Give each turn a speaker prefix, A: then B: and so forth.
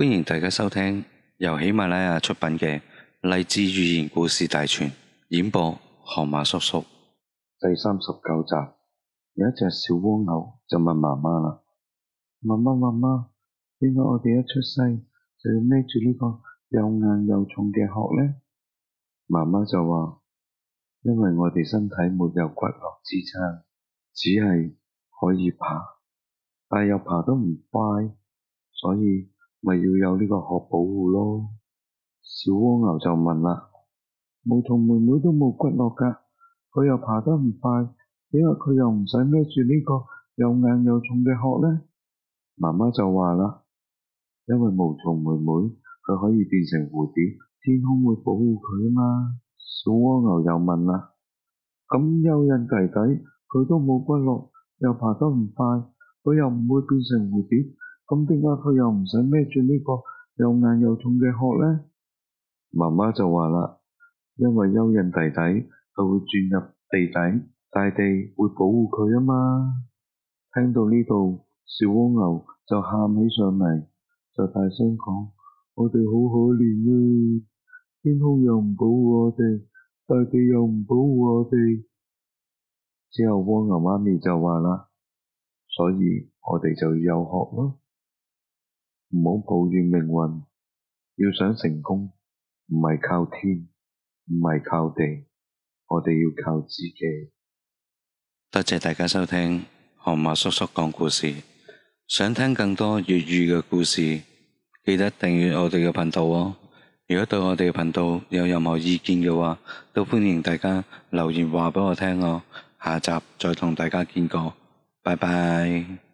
A: 歡迎大家收聽由喜馬拉雅出品嘅《勵志寓言故事大全》，演播河馬叔叔第三十九集。有
B: 一隻小蝸牛就問媽媽啦：媽媽媽媽，點解我哋一出世就要孭住呢個又硬又重嘅殼咧？媽媽就話：因為我哋身體沒有骨骼支撐，只係可以爬，但又爬得唔快，所以，咪要有呢個殼保護咯。小蝸牛就問啦：毛蟲妹妹都冇骨骼噶，佢又爬得唔快，點解佢又唔使孭住呢個又硬又重嘅殼呢？」媽媽就話啦：因為毛蟲妹妹佢可以變成蝴蝶，天空會保護佢啊嘛。小蝸牛又問啦：咁、嗯、蚯蚓弟弟佢都冇骨骼，又爬得唔快，佢又唔會變成蝴蝶？咁點解佢又唔使孭住呢個又硬又重嘅殼咧？媽媽就話啦，因為蚯蚓弟弟佢會鑽入地底，大地會保護佢啊嘛。聽到呢度，小蝸牛就喊起上嚟，就大聲講：我哋好可憐啊！天空又唔保護我哋，大地又唔保護我哋。之後蝸牛媽咪就話啦，所以我哋就要有殼咯。唔好抱怨命運，要想成功，唔係靠天，唔係靠
A: 地，我哋要靠自己。多謝大家收聽河馬叔叔講故事，想聽更多粵語嘅故事，記得訂閱我哋嘅頻道哦！如果對我哋嘅頻道有任何意見嘅話，都歡迎大家留言話俾我聽哦！下集再同大家見過，拜拜。